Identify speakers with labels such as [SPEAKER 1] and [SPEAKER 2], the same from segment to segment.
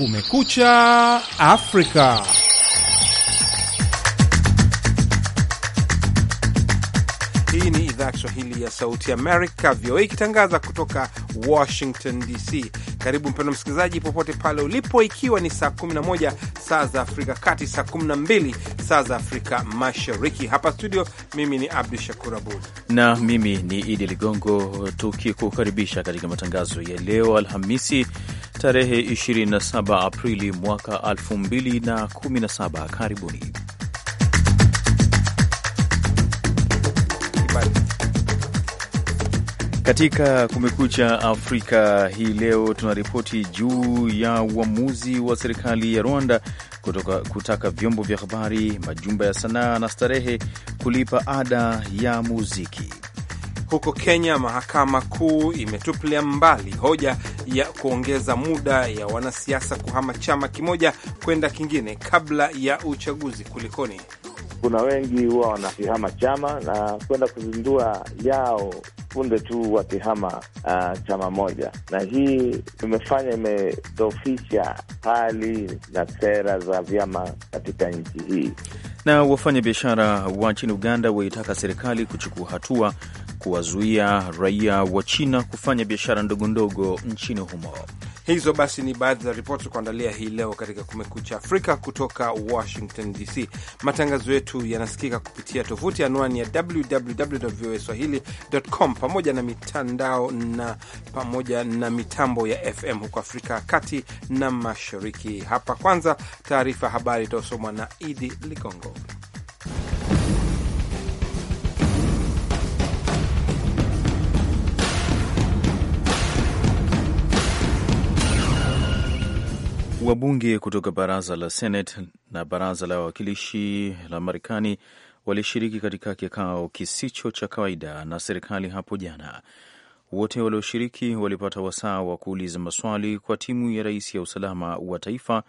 [SPEAKER 1] Kumekucha Afrika. Hii ni idhaa ya Kiswahili ya Sauti Amerika, VOA, ikitangaza kutoka Washington DC. Karibu mpendwa msikilizaji, popote pale ulipo, ikiwa ni saa 11 saa za Afrika Kati, saa 12 saa za Afrika Mashariki. Hapa studio, mimi ni Abdu Shakur Abud
[SPEAKER 2] na mimi ni Idi Ligongo, tukikukaribisha katika matangazo ya leo Alhamisi tarehe 27 Aprili mwaka 2017. Karibuni katika Kumekucha Afrika. Hii leo tuna ripoti juu ya uamuzi wa serikali ya Rwanda kutoka kutaka vyombo vya habari, majumba ya sanaa na starehe kulipa ada
[SPEAKER 1] ya muziki. Huko Kenya, mahakama kuu imetupilia mbali hoja ya kuongeza muda ya wanasiasa kuhama chama kimoja kwenda kingine kabla ya uchaguzi. Kulikoni?
[SPEAKER 3] Kuna wengi huwa wanakihama chama na kwenda kuzindua yao punde tu wakihama uh, chama moja, na hii imefanya imedhoofisha hali na sera za vyama katika nchi hii.
[SPEAKER 2] Na wafanyabiashara wa nchini Uganda waitaka serikali kuchukua hatua kuwazuia raia wa China kufanya biashara ndogondogo nchini humo.
[SPEAKER 1] Hizo basi ni baadhi za ripoti za kuandalia hii leo katika Kumekucha Afrika kutoka Washington DC. Matangazo yetu yanasikika kupitia tovuti anwani ya www voa swahili.com, pamoja na mitandao na pamoja na mitambo ya FM huko Afrika ya kati na mashariki. Hapa kwanza taarifa ya habari itayosomwa na Idi Ligongo.
[SPEAKER 2] Wabunge kutoka baraza la Senate na baraza la wawakilishi la Marekani walishiriki katika kikao kisicho cha kawaida na serikali hapo jana. Wote walioshiriki walipata wasaa wa kuuliza maswali kwa timu ya rais ya usalama wa taifa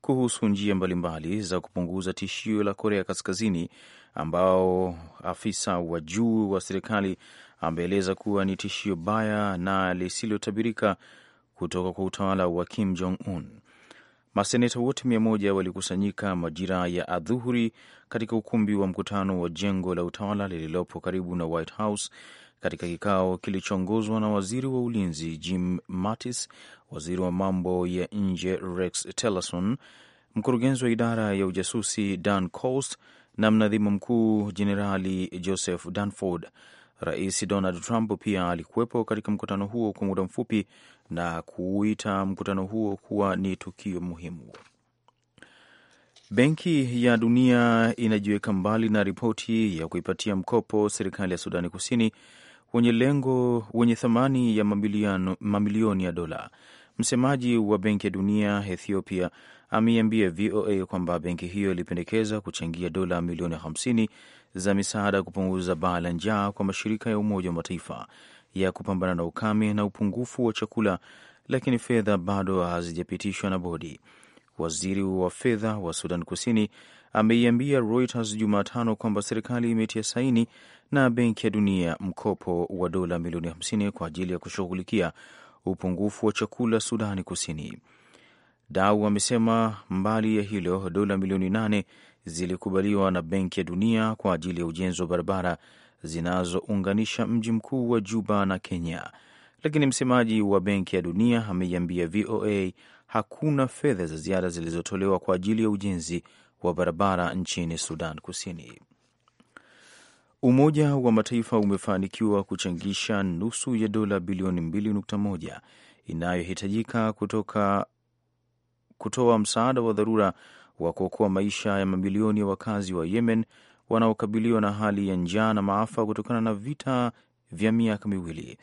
[SPEAKER 2] kuhusu njia mbalimbali za kupunguza tishio la Korea Kaskazini, ambao afisa wa juu wa serikali ameeleza kuwa ni tishio baya na lisilotabirika kutoka kwa utawala wa Kim Jong Un. Maseneta wote mia moja walikusanyika majira ya adhuhuri katika ukumbi wa mkutano wa jengo la utawala lililopo karibu na White House katika kikao kilichoongozwa na waziri wa ulinzi Jim Mattis, waziri wa mambo ya nje Rex Tillerson, mkurugenzi wa idara ya ujasusi Dan Coats na mnadhimu mkuu Jenerali Joseph Dunford. Rais Donald Trump pia alikuwepo katika mkutano huo kwa muda mfupi na kuuita mkutano huo kuwa ni tukio muhimu. Benki ya Dunia inajiweka mbali na ripoti ya kuipatia mkopo serikali ya Sudani Kusini wenye lengo wenye thamani ya mamilioni, ya dola. Msemaji wa Benki ya Dunia Ethiopia ameiambia VOA kwamba benki hiyo ilipendekeza kuchangia dola milioni hamsini za misaada kupunguza baa la njaa kwa mashirika ya Umoja wa Mataifa ya kupambana na ukame na upungufu wa chakula, lakini fedha bado hazijapitishwa na bodi. Waziri wa fedha wa Sudan Kusini ameiambia Reuters Jumatano kwamba serikali imetia saini na Benki ya Dunia mkopo wa dola milioni 50 kwa ajili ya kushughulikia upungufu wa chakula Sudani Kusini. Dau amesema mbali ya hilo, dola milioni nane zilikubaliwa na Benki ya Dunia kwa ajili ya ujenzi wa barabara zinazounganisha mji mkuu wa Juba na Kenya, lakini msemaji wa Benki ya Dunia ameiambia VOA hakuna fedha za ziada zilizotolewa kwa ajili ya ujenzi wa barabara nchini Sudan Kusini. Umoja wa Mataifa umefanikiwa kuchangisha nusu ya dola bilioni 2.1 inayohitajika kutoka kutoa msaada wa dharura wa kuokoa maisha ya mamilioni ya wakazi wa Yemen wanaokabiliwa na hali ya njaa na maafa kutokana na vita vya miaka miwili.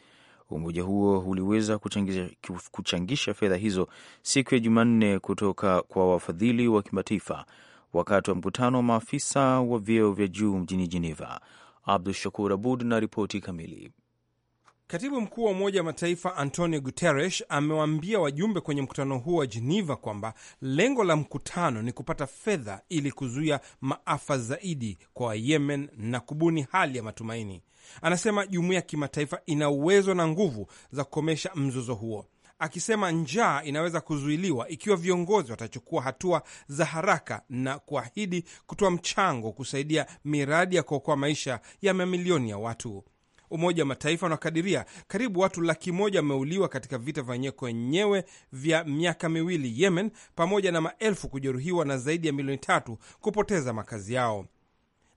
[SPEAKER 2] Umoja huo uliweza kuchangisha, kuchangisha fedha hizo siku ya Jumanne kutoka kwa wafadhili wa kimataifa wakati wa mkutano wa maafisa wa vyeo vya juu mjini Jeneva. Abdu Shakur Abud na ripoti kamili.
[SPEAKER 1] Katibu mkuu wa Umoja wa Mataifa Antonio Guterres amewaambia wajumbe kwenye mkutano huo wa jeneva kwamba lengo la mkutano ni kupata fedha ili kuzuia maafa zaidi kwa Wayemen na kubuni hali ya matumaini. Anasema jumuiya ya kimataifa ina uwezo na nguvu za kukomesha mzozo huo, akisema njaa inaweza kuzuiliwa ikiwa viongozi watachukua hatua za haraka na kuahidi kutoa mchango kusaidia miradi ya kuokoa maisha ya mamilioni ya watu. Umoja wa Mataifa unakadiria karibu watu laki moja wameuliwa katika vita vya wenyewe wenyewe vya miaka miwili Yemen, pamoja na maelfu kujeruhiwa na zaidi ya milioni tatu kupoteza makazi yao.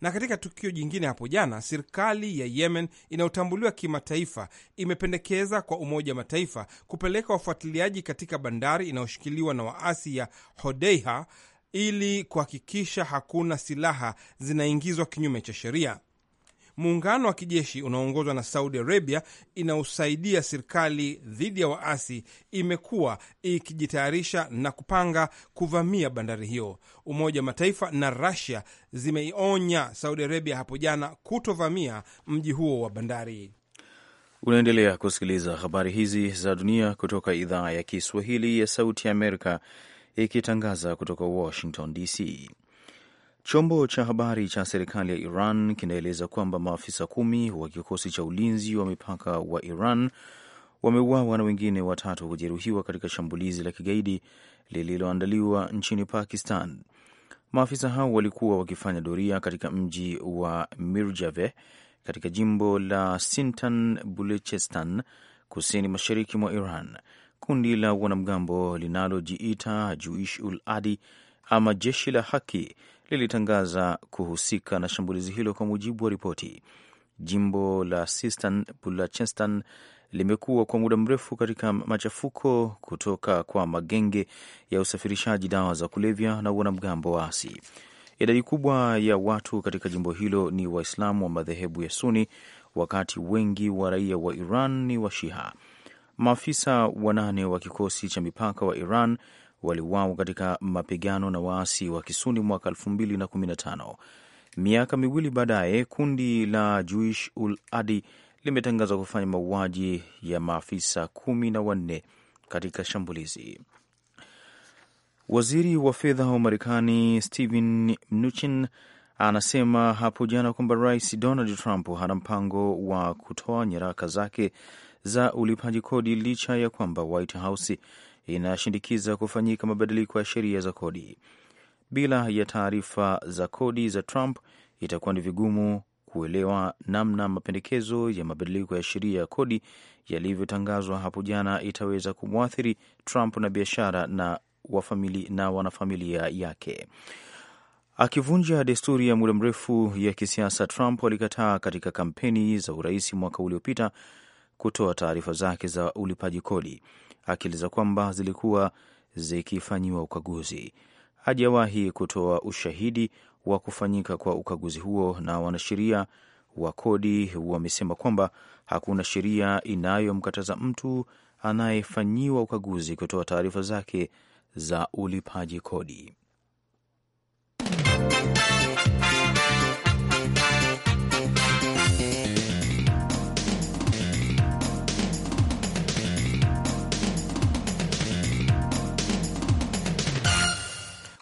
[SPEAKER 1] Na katika tukio jingine hapo jana, serikali ya Yemen inayotambuliwa kimataifa imependekeza kwa Umoja wa Mataifa kupeleka wafuatiliaji katika bandari inayoshikiliwa na waasi ya Hodeiha ili kuhakikisha hakuna silaha zinaingizwa kinyume cha sheria. Muungano wa kijeshi unaoongozwa na Saudi Arabia inaosaidia serikali dhidi ya waasi imekuwa ikijitayarisha na kupanga kuvamia bandari hiyo. Umoja wa Mataifa na rasia zimeionya Saudi Arabia hapo jana kutovamia mji huo wa bandari.
[SPEAKER 2] Unaendelea kusikiliza habari hizi za dunia kutoka idhaa ya Kiswahili ya Sauti ya Amerika, ikitangaza kutoka Washington DC. Chombo cha habari cha serikali ya Iran kinaeleza kwamba maafisa kumi wa kikosi cha ulinzi wa mipaka wa Iran wameuawa na wengine watatu kujeruhiwa katika shambulizi la kigaidi lililoandaliwa nchini Pakistan. Maafisa hao walikuwa wakifanya doria katika mji wa Mirjave katika jimbo la Sintan Buluchistan, kusini mashariki mwa Iran. Kundi la wanamgambo linalojiita Juish ul Adi ama jeshi la haki lilitangaza kuhusika na shambulizi hilo, kwa mujibu wa ripoti. Jimbo la Sistan limekuwa kwa muda mrefu katika machafuko kutoka kwa magenge ya usafirishaji dawa za kulevya na wanamgambo waasi. Idadi kubwa ya watu katika jimbo hilo ni Waislamu wa madhehebu ya Suni, wakati wengi wa raia wa Iran ni wa Shiha. Maafisa wanane wa kikosi cha mipaka wa Iran waliuawa katika mapigano na waasi wa Kisuni mwaka 2015. Miaka miwili baadaye, kundi la juish ul Adi limetangaza kufanya mauaji ya maafisa kumi na wanne katika shambulizi. Waziri wa fedha wa Marekani Steven Mnuchin anasema hapo jana kwamba Rais Donald Trump hana mpango wa kutoa nyaraka zake za ulipaji kodi licha ya kwamba White House inashindikiza kufanyika mabadiliko ya sheria za kodi. Bila ya taarifa za kodi za Trump, itakuwa ni vigumu kuelewa namna mapendekezo ya mabadiliko ya sheria ya kodi yalivyotangazwa hapo jana itaweza kumwathiri Trump na biashara na wafamili na wanafamilia yake. Akivunja desturi ya muda mrefu ya kisiasa, Trump alikataa katika kampeni za urais mwaka uliopita kutoa taarifa zake za ulipaji kodi akieleza kwamba zilikuwa zikifanyiwa ukaguzi. Hajawahi kutoa ushahidi wa kufanyika kwa ukaguzi huo, na wanasheria wa kodi wamesema kwamba hakuna sheria inayomkataza mtu anayefanyiwa ukaguzi kutoa taarifa zake za ulipaji kodi.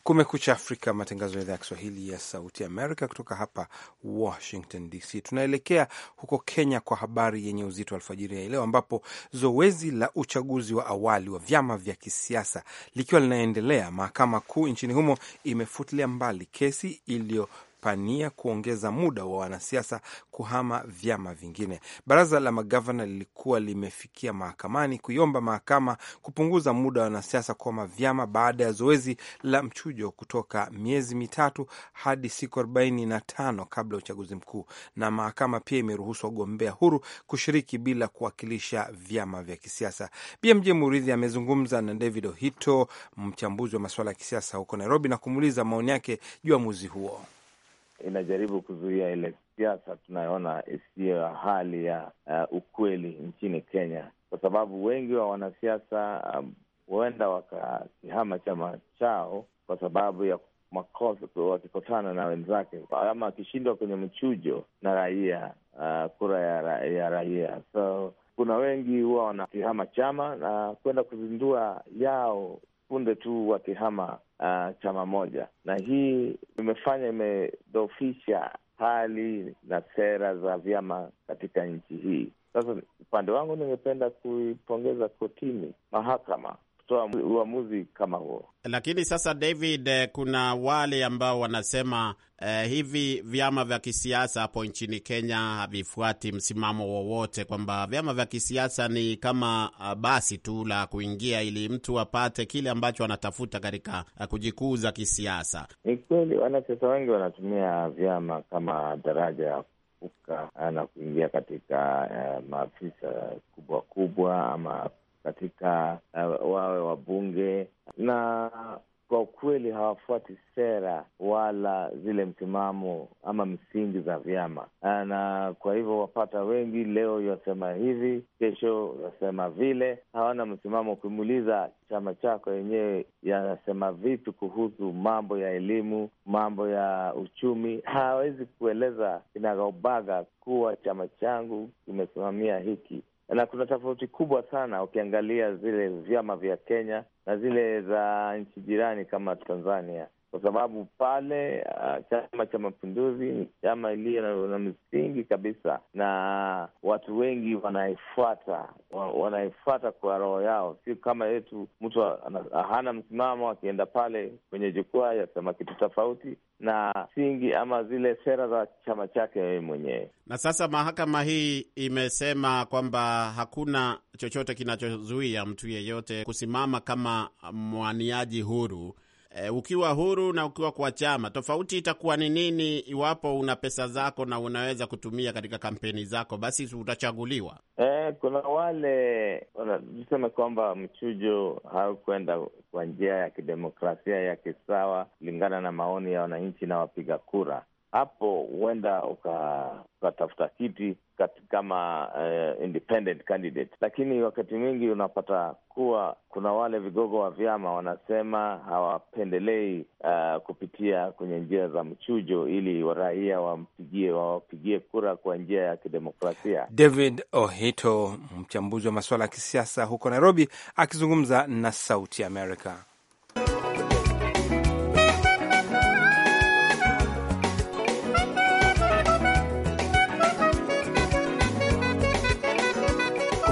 [SPEAKER 1] Kumekucha Afrika, matangazo ya idhaa ya Kiswahili ya Sauti Amerika kutoka hapa Washington DC. Tunaelekea huko Kenya kwa habari yenye uzito wa alfajiri ya leo, ambapo zoezi la uchaguzi wa awali wa vyama vya kisiasa likiwa linaendelea, mahakama kuu nchini humo imefutilia mbali kesi iliyo kupania kuongeza muda wa wanasiasa kuhama vyama vingine. Baraza la magavana lilikuwa limefikia mahakamani kuiomba mahakama kupunguza muda wa wanasiasa kuhama vyama baada ya zoezi la mchujo kutoka miezi mitatu hadi siku arobaini na tano kabla ya uchaguzi mkuu. Na mahakama pia imeruhusu wagombea huru kushiriki bila kuwakilisha vyama vya kisiasa. BMJ Muridhi amezungumza na David Ohito, mchambuzi wa masuala ya kisiasa huko Nairobi, na kumuuliza maoni
[SPEAKER 3] yake juu ya muzi huo inajaribu kuzuia ile siasa tunayoona isiyo ya hali ya uh, ukweli nchini Kenya, kwa sababu wengi wa wanasiasa um, huenda um, wakakihama chama chao kwa sababu ya makosa wakikutana na wenzake ama wakishindwa kwenye mchujo na raia uh, kura ya, ra, ya raia. So kuna wengi huwa wanakihama chama na kuenda kwenda kuzindua yao punde tu wakihama uh, chama moja, na hii imefanya imedhoofisha hali na sera za vyama katika nchi hii. Sasa upande wangu, ningependa kuipongeza kotini, mahakama kutoa uamuzi kama huo.
[SPEAKER 4] Lakini sasa, David, eh, kuna wale ambao wanasema eh, hivi vyama vya kisiasa hapo nchini Kenya havifuati msimamo wowote, kwamba vyama vya kisiasa ni kama ah, basi tu la kuingia ili mtu apate kile ambacho anatafuta katika ah, kujikuza kisiasa.
[SPEAKER 3] Ni kweli, wanasiasa wengi wanatumia vyama kama daraja ya kuvuka ah, na kuingia katika eh, maafisa kubwa kubwa ama katika uh, wawe wabunge na kwa ukweli hawafuati sera wala zile msimamo ama msingi za vyama, uh, na kwa hivyo wapata wengi leo yasema hivi, kesho yasema vile, hawana msimamo. Ukimuuliza chama chako yenyewe yanasema vipi kuhusu mambo ya elimu, mambo ya uchumi, hawawezi kueleza kinagaubaga kuwa chama changu kimesimamia hiki na kuna tofauti kubwa sana ukiangalia zile vyama vya Kenya na zile za nchi jirani kama Tanzania kwa sababu pale uh, Chama cha Mapinduzi ni chama iliyo na, na misingi kabisa, na watu wengi wanaifuata wanaifuata kwa roho yao, si kama yetu mtu hana msimamo, akienda pale kwenye jukwaa yasema kitu tofauti na msingi ama zile sera za chama chake yeye mwenyewe.
[SPEAKER 4] Na sasa mahakama hii imesema kwamba hakuna chochote kinachozuia mtu yeyote kusimama kama mwaniaji huru e, ukiwa huru na ukiwa kwa chama, tofauti itakuwa ni nini iwapo una pesa zako na unaweza kutumia katika kampeni zako, basi utachaguliwa?
[SPEAKER 3] E, kuna wale tuseme kwamba mchujo haukwenda kwa njia ya kidemokrasia ya kisawa kulingana na maoni ya wananchi na wapiga kura hapo huenda ukatafuta uka kiti kama uh, independent candidate, lakini wakati mwingi unapata kuwa kuna wale vigogo wa vyama wanasema hawapendelei uh, kupitia kwenye njia za mchujo ili waraia wampigie wawapigie kura kwa njia ya kidemokrasia.
[SPEAKER 1] David Ohito, mchambuzi wa masuala ya kisiasa huko Nairobi, akizungumza na Sauti Amerika.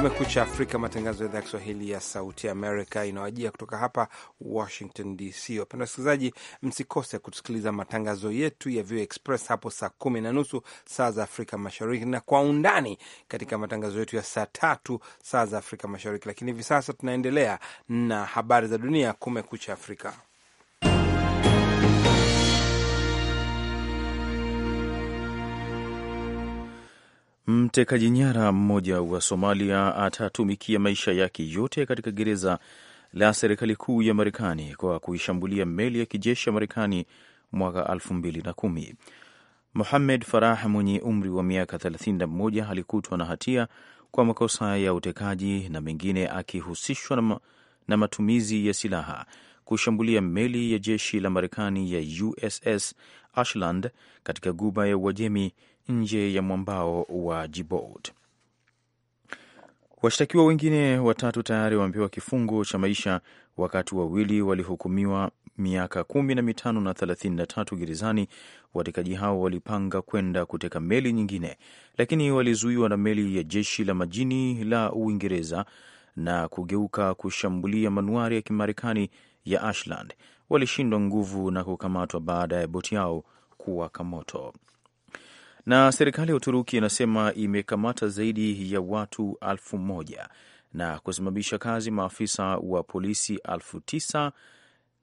[SPEAKER 1] Kumekucha Afrika, matangazo ya idhaa ya Kiswahili ya Sauti Amerika inawajia kutoka hapa Washington DC. Wapenda wasikilizaji, msikose kutusikiliza matangazo yetu ya VOA Express hapo saa kumi na nusu saa za Afrika Mashariki, na kwa undani katika matangazo yetu ya saa tatu saa za Afrika Mashariki. Lakini hivi sasa tunaendelea na habari za dunia. Kumekucha Afrika.
[SPEAKER 2] Mtekaji nyara mmoja wa Somalia atatumikia maisha yake yote katika gereza la serikali kuu ya Marekani kwa kuishambulia meli ya kijeshi ya Marekani mwaka 2010. Mohamed Farah mwenye umri wa miaka 31 alikutwa na hatia kwa makosa ya utekaji na mengine akihusishwa na matumizi ya silaha kushambulia meli ya jeshi la Marekani ya USS Ashland katika guba ya Uajemi nje ya mwambao wa Djibouti. Washtakiwa wengine watatu tayari wamepewa kifungo cha maisha, wakati wawili walihukumiwa miaka kumi na mitano na thelathini na tatu gerezani. Watekaji hao walipanga kwenda kuteka meli nyingine, lakini walizuiwa na meli ya jeshi la majini la Uingereza na kugeuka kushambulia manuari ya Kimarekani ya Ashland. Walishindwa nguvu na kukamatwa baada ya boti yao kuwaka moto na serikali ya Uturuki inasema imekamata zaidi ya watu alfu moja na kusimamisha kazi maafisa wa polisi alfu tisa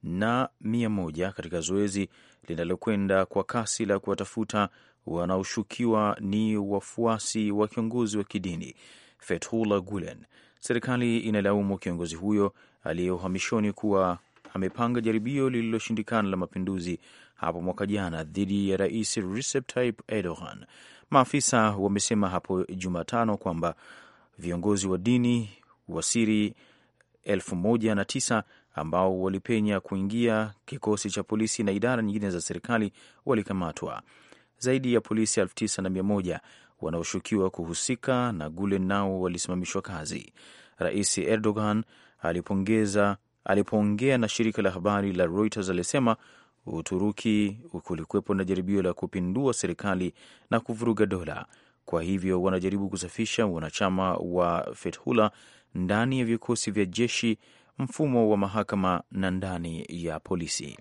[SPEAKER 2] na mia moja katika zoezi linalokwenda kwa kasi la kuwatafuta wanaoshukiwa ni wafuasi wa kiongozi wa kidini Fethullah Gulen. Serikali inalaumu kiongozi huyo aliye uhamishoni kuwa amepanga jaribio lililoshindikana la mapinduzi hapo mwaka jana dhidi ya Rais Recep Tayyip Erdogan. Maafisa wamesema hapo Jumatano kwamba viongozi wa dini wa siri elfu moja na tisa ambao walipenya kuingia kikosi cha polisi na idara nyingine za serikali walikamatwa. Zaidi ya polisi elfu tisa na mia moja wanaoshukiwa kuhusika na Gulen nao walisimamishwa kazi. Rais Erdogan alipongeza alipoongea na shirika la habari la Reuters alisema Uturuki kulikuwepo na jaribio la kupindua serikali na kuvuruga dola. Kwa hivyo wanajaribu kusafisha wanachama wa Fethullah ndani ya vikosi vya jeshi, mfumo wa mahakama na ndani ya polisi.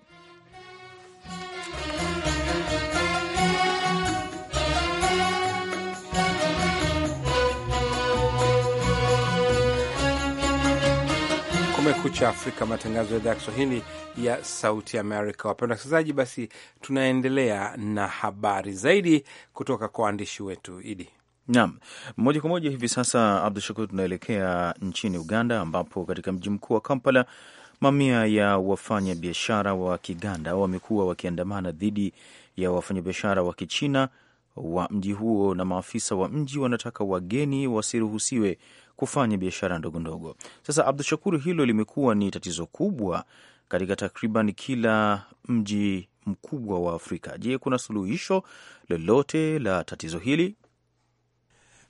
[SPEAKER 1] Kumekucha Afrika, matangazo ya idhaa ya Kiswahili ya Sauti Amerika. Wapenda wasikilizaji, basi tunaendelea na habari zaidi kutoka kwa waandishi wetu Idi.
[SPEAKER 2] Naam, moja kwa moja hivi sasa, Abdu Shakur, tunaelekea nchini Uganda ambapo katika mji mkuu wa Kampala mamia ya wafanyabiashara wa Kiganda wamekuwa wakiandamana dhidi ya wafanyabiashara wa Kichina wa mji huo, na maafisa wa mji wanataka wageni wasiruhusiwe kufanya biashara ndogo ndogo. Sasa Abdu Shakuru, hilo limekuwa ni tatizo kubwa katika takriban kila mji mkubwa wa Afrika. Je, kuna suluhisho lolote la tatizo hili?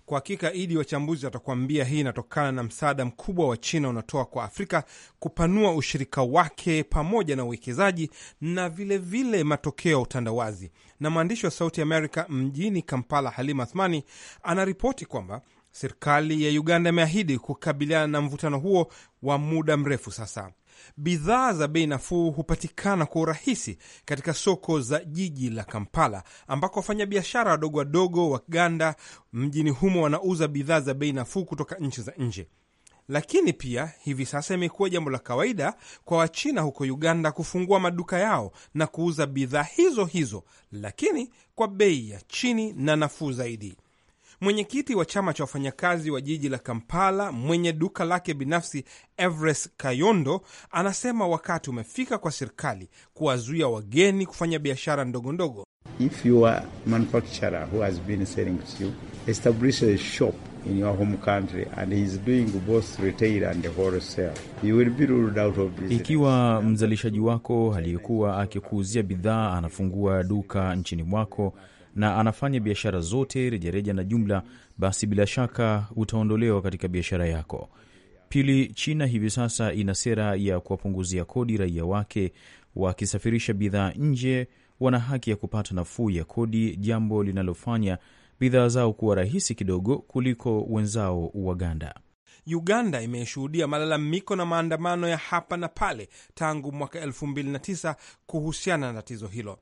[SPEAKER 1] Kwa hakika Idi, wachambuzi watakuambia hii inatokana na msaada mkubwa wa China unatoa kwa Afrika kupanua ushirika wake pamoja na uwekezaji na vilevile vile matokeo ya utandawazi. Na mwandishi wa Sauti Amerika mjini Kampala, Halima Athmani anaripoti kwamba Serikali ya Uganda imeahidi kukabiliana na mvutano huo wa muda mrefu sasa. Bidhaa za bei nafuu hupatikana kwa urahisi katika soko za jiji la Kampala, ambako wafanyabiashara wadogo wadogo wa Uganda mjini humo wanauza bidhaa za bei nafuu kutoka nchi za nje. Lakini pia hivi sasa imekuwa jambo la kawaida kwa Wachina huko Uganda kufungua maduka yao na kuuza bidhaa hizo hizo, lakini kwa bei ya chini na nafuu zaidi. Mwenyekiti wa chama cha wafanyakazi wa jiji la Kampala mwenye duka lake binafsi Everest Kayondo anasema wakati umefika kwa serikali kuwazuia wageni kufanya biashara ndogo ndogo.
[SPEAKER 2] Ikiwa mzalishaji wako aliyekuwa akikuuzia bidhaa anafungua duka nchini mwako na anafanya biashara zote rejareja na jumla, basi bila shaka utaondolewa katika biashara yako. Pili, China hivi sasa ina sera ya kuwapunguzia kodi raia wake. Wakisafirisha bidhaa nje, wana haki ya kupata nafuu ya kodi, jambo linalofanya bidhaa zao kuwa rahisi kidogo kuliko wenzao Waganda.
[SPEAKER 1] Uganda imeshuhudia malalamiko na maandamano ya hapa na pale tangu mwaka 2009 kuhusiana na tatizo hilo.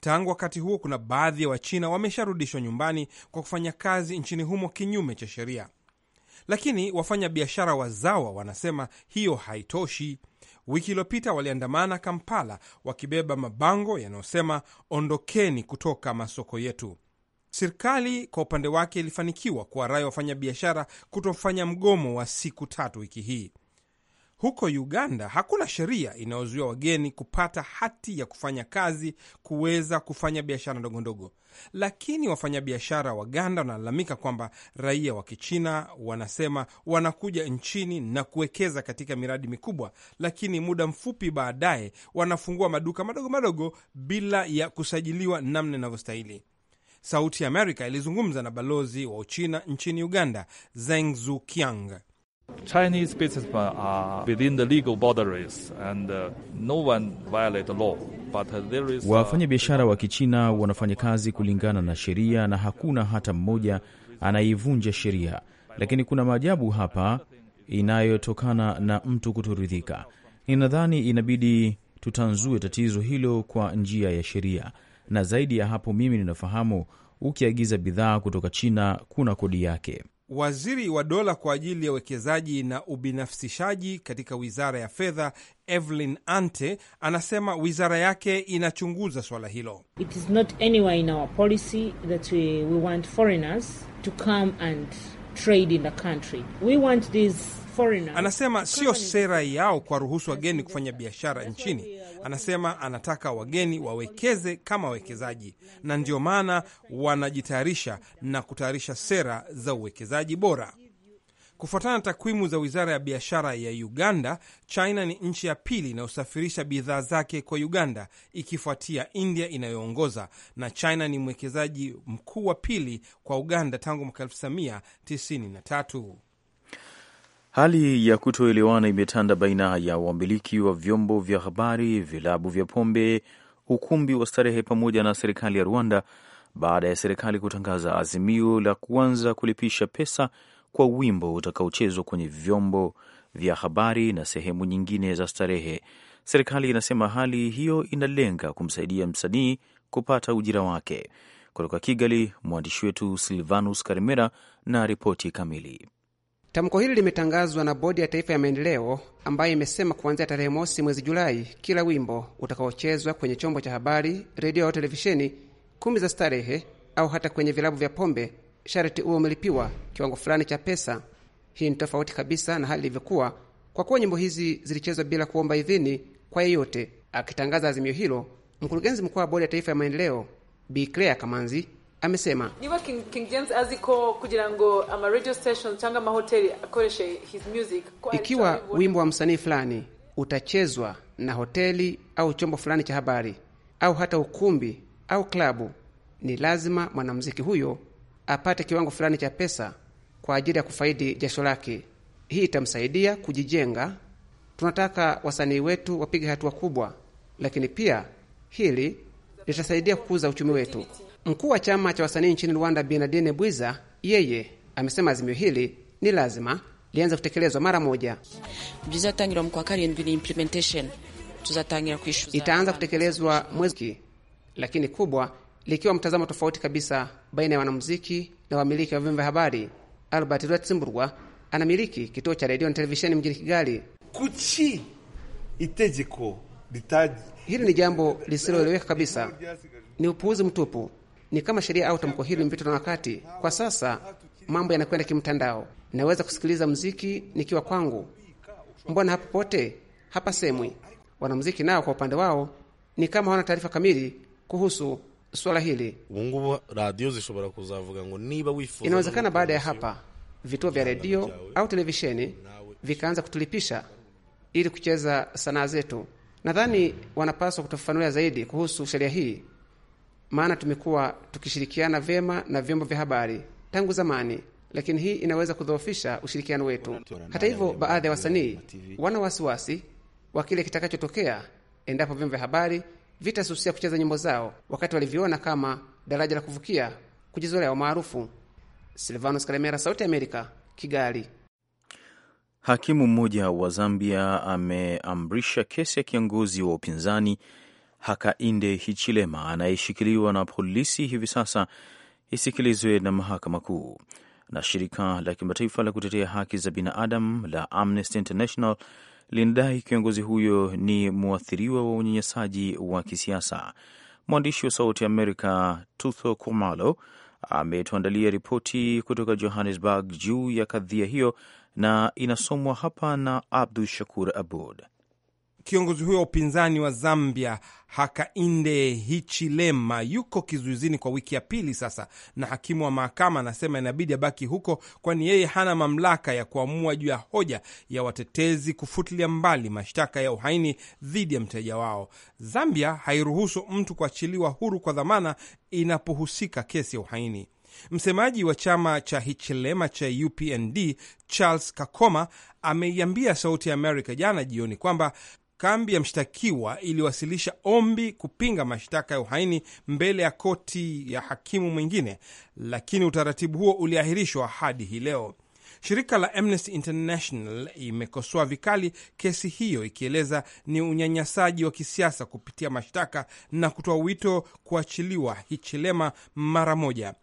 [SPEAKER 1] Tangu wakati huo, kuna baadhi ya wa Wachina wamesharudishwa nyumbani kwa kufanya kazi nchini humo kinyume cha sheria, lakini wafanya biashara wazawa wanasema hiyo haitoshi. Wiki iliyopita waliandamana Kampala wakibeba mabango yanayosema ondokeni kutoka masoko yetu. Serikali kwa upande wake ilifanikiwa kuwarai wafanya wafanyabiashara kutofanya mgomo wa siku tatu wiki hii. Huko Uganda hakuna sheria inayozuia wageni kupata hati ya kufanya kazi kuweza kufanya biashara ndogondogo, lakini wafanyabiashara Waganda wanalalamika kwamba raia wa Kichina wanasema wanakuja nchini na kuwekeza katika miradi mikubwa, lakini muda mfupi baadaye wanafungua maduka madogo madogo bila ya kusajiliwa namna inavyostahili. Sauti ya Amerika ilizungumza na balozi wa Uchina nchini Uganda, Zeng Zukiang. Chinese businessmen are within the legal boundaries and uh, no one violate the law. Uh, Wafanya
[SPEAKER 2] biashara wa Kichina wanafanya kazi kulingana na sheria na hakuna hata mmoja anayeivunja sheria, lakini kuna maajabu hapa inayotokana na mtu kutoridhika. Ninadhani inabidi tutanzue tatizo hilo kwa njia ya sheria, na zaidi ya hapo, mimi ninafahamu ukiagiza bidhaa kutoka China kuna kodi yake.
[SPEAKER 1] Waziri wa dola kwa ajili ya uwekezaji na ubinafsishaji katika wizara ya fedha Evelyn Ante anasema wizara yake inachunguza swala hilo.
[SPEAKER 5] It is not anywhere in our policy that we, we want foreigners to come and trade in the country. We want these
[SPEAKER 1] Anasema sio sera yao kwa ruhusu wageni kufanya biashara nchini. Anasema anataka wageni wawekeze kama wawekezaji, na ndiyo maana wanajitayarisha na kutayarisha sera za uwekezaji bora. Kufuatana na takwimu za wizara ya biashara ya Uganda, China ni nchi ya pili inayosafirisha bidhaa zake kwa Uganda, ikifuatia India inayoongoza, na China ni mwekezaji mkuu wa pili kwa Uganda tangu mwaka 1993.
[SPEAKER 2] Hali ya kutoelewana imetanda baina ya wamiliki wa vyombo vya habari, vilabu vya pombe, ukumbi wa starehe pamoja na serikali ya Rwanda baada ya serikali kutangaza azimio la kuanza kulipisha pesa kwa wimbo utakaochezwa kwenye vyombo vya habari na sehemu nyingine za starehe. Serikali inasema hali hiyo inalenga kumsaidia msanii kupata ujira wake. Kutoka Kigali, mwandishi wetu Silvanus Karimera na ripoti kamili.
[SPEAKER 4] Tamko hili limetangazwa na Bodi ya Taifa ya Maendeleo ambayo imesema kuanzia tarehe mosi mwezi Julai, kila wimbo utakaochezwa kwenye chombo cha habari, redio au televisheni, kumbi za starehe au hata kwenye vilabu vya pombe, sharti huo umelipiwa kiwango fulani cha pesa. Hii ni tofauti kabisa na hali ilivyokuwa, kwa kuwa nyimbo hizi zilichezwa bila kuomba idhini kwa yeyote. Akitangaza azimio hilo, mkurugenzi mkuu wa Bodi ya Taifa ya Maendeleo Bi Claire Kamanzi amesema
[SPEAKER 5] niba King James aziko kugira ngo ama radio station cyangwa amahoteli akoreshe his music.
[SPEAKER 4] Ikiwa wimbo wa msanii fulani utachezwa na hoteli au chombo fulani cha habari au hata ukumbi au klabu, ni lazima mwanamuziki huyo apate kiwango fulani cha pesa kwa ajili ya kufaidi jasho lake. Hii itamsaidia kujijenga. Tunataka wasanii wetu wapige hatua kubwa, lakini pia hili litasaidia kukuza uchumi wetu. Mkuu wa chama cha wasanii nchini Rwanda, Bernardine Bwiza, yeye amesema azimio hili ni lazima lianze kutekelezwa mara moja. Itaanza kutekelezwa mwezi, lakini kubwa likiwa mtazamo tofauti kabisa baina ya wanamuziki na wamiliki wa vyombo vya habari. Albert Ratsimburwa anamiliki kituo cha redio na televisheni mjini Kigali. Kuchi itegeko litaji hili ni jambo lisiloeleweka kabisa, ni upuuzi mtupu ni kama sheria au tamko hili mpito na wakati. Kwa sasa mambo yanakwenda kimtandao, naweza kusikiliza mziki nikiwa kwangu. Mbona hapa pote hapa semwi? Wanamziki nao kwa upande wao ni kama hawana taarifa kamili kuhusu swala hili. Inawezekana baada ya hapa vituo vya redio au televisheni vikaanza kutulipisha ili kucheza sanaa zetu. Nadhani wanapaswa kutufafanulia zaidi kuhusu sheria hii maana tumekuwa tukishirikiana vyema na vyombo vya habari tangu zamani, lakini hii inaweza kudhoofisha ushirikiano wetu. Hata hivyo, baadhi ya wasanii wana wasiwasi wa kile kitakachotokea endapo vyombo vya habari vitasusia kucheza nyimbo zao wakati walivyoona kama daraja la kuvukia kujizolea umaarufu. Silvanos Kalemera, Sauti ya Amerika, Kigali.
[SPEAKER 2] Hakimu mmoja wa Zambia ameamrisha kesi ya kiongozi wa upinzani Hakainde Hichilema anayeshikiliwa na polisi hivi sasa isikilizwe na mahakama kuu. Na shirika la kimataifa la kutetea haki za binadamu la Amnesty International linadai kiongozi huyo ni mwathiriwa wa unyanyasaji wa kisiasa. Mwandishi wa Sauti Amerika Tutho Kumalo ametuandalia ripoti kutoka Johannesburg juu ya kadhia hiyo na inasomwa hapa na Abdu Shakur Abud
[SPEAKER 1] kiongozi huyo wa upinzani wa Zambia Hakainde Hichilema yuko kizuizini kwa wiki ya pili sasa, na hakimu wa mahakama anasema inabidi abaki huko, kwani yeye hana mamlaka ya kuamua juu ya hoja ya watetezi kufutilia mbali mashtaka ya uhaini dhidi ya mteja wao. Zambia hairuhusu mtu kuachiliwa huru kwa dhamana inapohusika kesi ya uhaini. Msemaji wa chama cha Hichilema cha UPND Charles Kakoma ameiambia Sauti ya Amerika jana jioni kwamba kambi ya mshtakiwa iliwasilisha ombi kupinga mashtaka ya uhaini mbele ya koti ya hakimu mwingine, lakini utaratibu huo uliahirishwa hadi hii leo. Shirika la Amnesty International imekosoa vikali kesi hiyo ikieleza ni unyanyasaji wa kisiasa kupitia mashtaka na kutoa wito kuachiliwa Hichilema mara moja.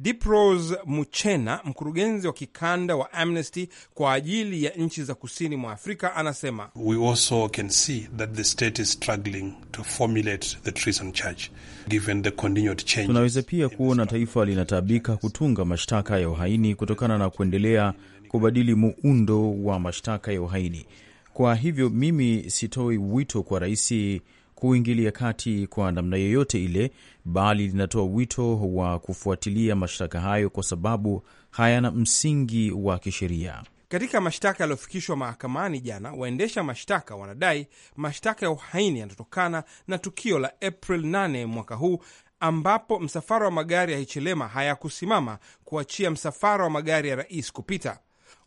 [SPEAKER 1] Dipros Muchena, mkurugenzi wa kikanda wa Amnesty kwa ajili ya nchi za kusini mwa Afrika, anasema We also can see that the state is struggling to formulate the treason charge given the continued Tunaweza
[SPEAKER 2] pia kuona taifa linataabika kutunga mashtaka ya uhaini kutokana na kuendelea kubadili muundo wa mashtaka ya uhaini. Kwa hivyo mimi sitoi wito kwa raisi kuingilia kati kwa namna yoyote ile, bali linatoa wito wa kufuatilia mashtaka hayo kwa sababu hayana msingi wa kisheria.
[SPEAKER 1] Katika mashtaka yaliyofikishwa mahakamani jana, waendesha mashtaka wanadai mashtaka ya uhaini yanatokana na tukio la April 8 mwaka huu ambapo msafara wa magari ya Hichilema hayakusimama kuachia msafara wa magari ya rais kupita.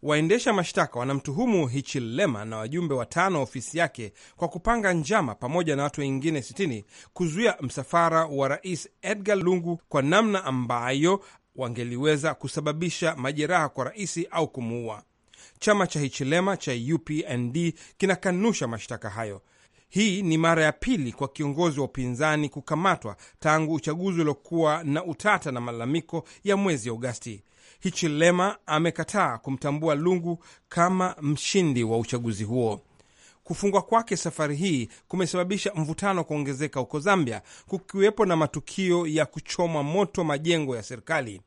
[SPEAKER 1] Waendesha mashtaka wanamtuhumu Hichilema na wajumbe watano wa ofisi yake kwa kupanga njama pamoja na watu wengine 60 kuzuia msafara wa rais Edgar Lungu kwa namna ambayo wangeliweza kusababisha majeraha kwa rais au kumuua. Chama cha Hichilema cha UPND kinakanusha mashtaka hayo. Hii ni mara ya pili kwa kiongozi wa upinzani kukamatwa tangu uchaguzi uliokuwa na utata na malalamiko ya mwezi Agosti. Hichilema amekataa kumtambua Lungu kama mshindi wa uchaguzi huo. Kufungwa kwake safari hii kumesababisha mvutano kuongezeka huko Zambia, kukiwepo na matukio ya kuchomwa moto majengo ya serikali.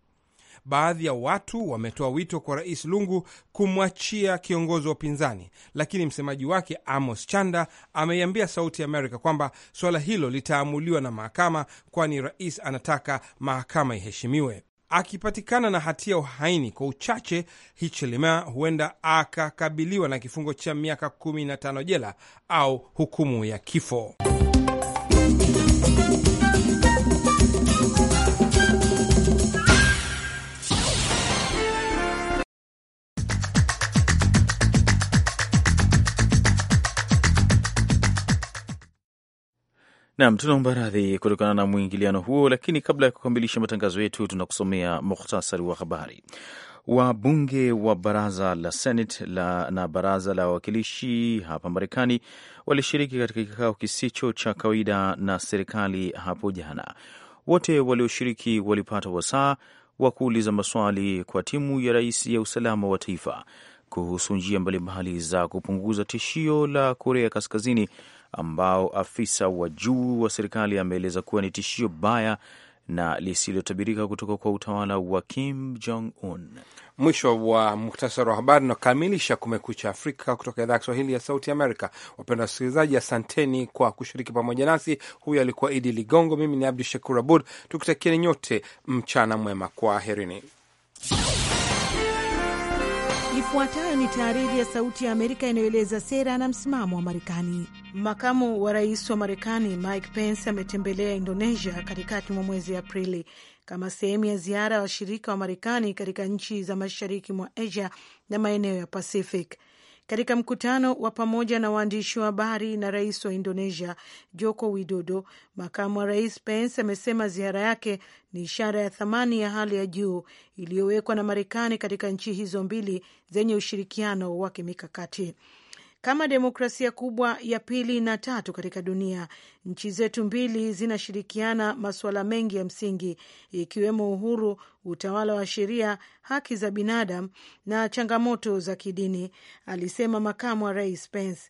[SPEAKER 1] Baadhi ya watu wametoa wito kwa Rais Lungu kumwachia kiongozi wa upinzani, lakini msemaji wake Amos Chanda ameiambia Sauti ya Amerika kwamba suala hilo litaamuliwa na mahakama, kwani rais anataka mahakama iheshimiwe. Akipatikana na hatia uhaini kwa uchache, Hichilema huenda akakabiliwa na kifungo cha miaka 15 jela au hukumu ya kifo.
[SPEAKER 2] Nam, tunaomba radhi kutokana na mwingiliano huo, lakini kabla ya kukamilisha matangazo yetu, tunakusomea muhtasari wa habari. Wabunge wa baraza la Senate la, na baraza la wawakilishi hapa Marekani walishiriki katika kikao kisicho cha kawaida na serikali hapo jana. Wote walioshiriki walipata wasaa wa kuuliza maswali kwa timu ya rais ya usalama wa taifa kuhusu njia mbalimbali za kupunguza tishio la Korea Kaskazini ambao afisa wa juu wa serikali ameeleza kuwa ni
[SPEAKER 1] tishio baya na lisilotabirika kutoka kwa utawala wa Kim Jong Un. Mwisho wa muhtasari wa habari unakamilisha Kumekucha Afrika kutoka idhaa ya Kiswahili ya Sauti Amerika. Wapenda wasikilizaji, asanteni kwa kushiriki pamoja nasi. Huyu alikuwa Idi Ligongo, mimi ni Abdu Shakur Abud, tukitakieni nyote mchana mwema, kwa herini.
[SPEAKER 5] Ifuatayo ni tahariri ya Sauti ya Amerika inayoeleza sera na msimamo wa Marekani. Makamu wa rais wa Marekani Mike Pence ametembelea Indonesia katikati mwa mwezi Aprili kama sehemu ya ziara ya washirika wa Marekani katika nchi za mashariki mwa Asia na maeneo ya Pacific katika mkutano wa pamoja na waandishi wa habari na rais wa Indonesia Joko Widodo. Makamu wa rais Pence amesema ziara yake ni ishara ya thamani ya hali ya juu iliyowekwa na Marekani katika nchi hizo mbili zenye ushirikiano wa kimikakati. Kama demokrasia kubwa ya pili na tatu katika dunia, nchi zetu mbili zinashirikiana masuala mengi ya msingi, ikiwemo uhuru, utawala wa sheria, haki za binadamu na changamoto za kidini, alisema makamu wa rais Pence.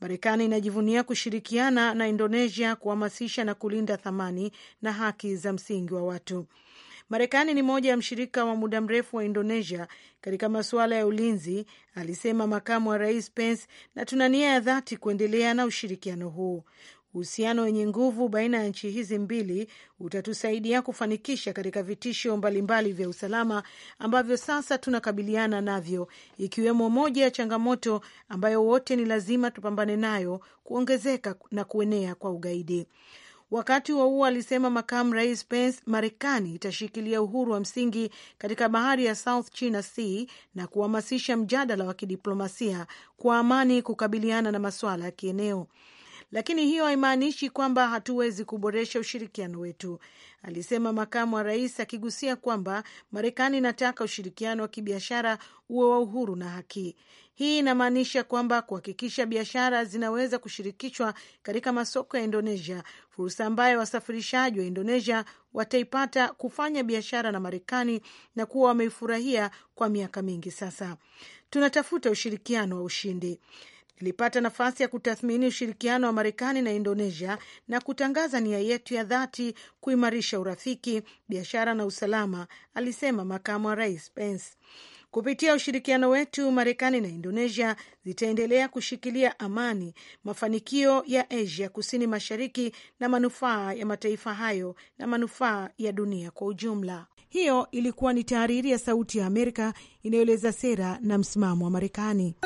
[SPEAKER 5] Marekani inajivunia kushirikiana na Indonesia kuhamasisha na kulinda thamani na haki za msingi wa watu. Marekani ni moja ya mshirika wa muda mrefu wa Indonesia katika masuala ya ulinzi, alisema makamu wa rais Pence, na tuna nia ya dhati kuendelea na ushirikiano huu. Uhusiano wenye nguvu baina ya nchi hizi mbili utatusaidia kufanikisha katika vitisho mbalimbali vya usalama ambavyo sasa tunakabiliana navyo, ikiwemo moja ya changamoto ambayo wote ni lazima tupambane nayo, kuongezeka na kuenea kwa ugaidi. Wakati huo huo, alisema makamu rais Pence, Marekani itashikilia uhuru wa msingi katika bahari ya South China Sea na kuhamasisha mjadala wa kidiplomasia kwa amani kukabiliana na masuala ya kieneo lakini hiyo haimaanishi kwamba hatuwezi kuboresha ushirikiano wetu, alisema makamu wa rais, akigusia kwamba Marekani inataka ushirikiano wa kibiashara uwe wa uhuru na haki. Hii inamaanisha kwamba kuhakikisha biashara zinaweza kushirikishwa katika masoko ya Indonesia, fursa ambayo wasafirishaji wa Indonesia wataipata kufanya biashara na Marekani na kuwa wameifurahia kwa miaka mingi sasa. Tunatafuta ushirikiano wa ushindi ilipata nafasi ya kutathmini ushirikiano wa Marekani na Indonesia na kutangaza nia yetu ya dhati kuimarisha urafiki, biashara na usalama, alisema makamu wa rais Pence. Kupitia ushirikiano wetu, Marekani na Indonesia zitaendelea kushikilia amani, mafanikio ya Asia kusini mashariki na manufaa ya mataifa hayo na manufaa ya dunia kwa ujumla. Hiyo ilikuwa ni tahariri ya Sauti ya Amerika inayoeleza sera na msimamo wa Marekani.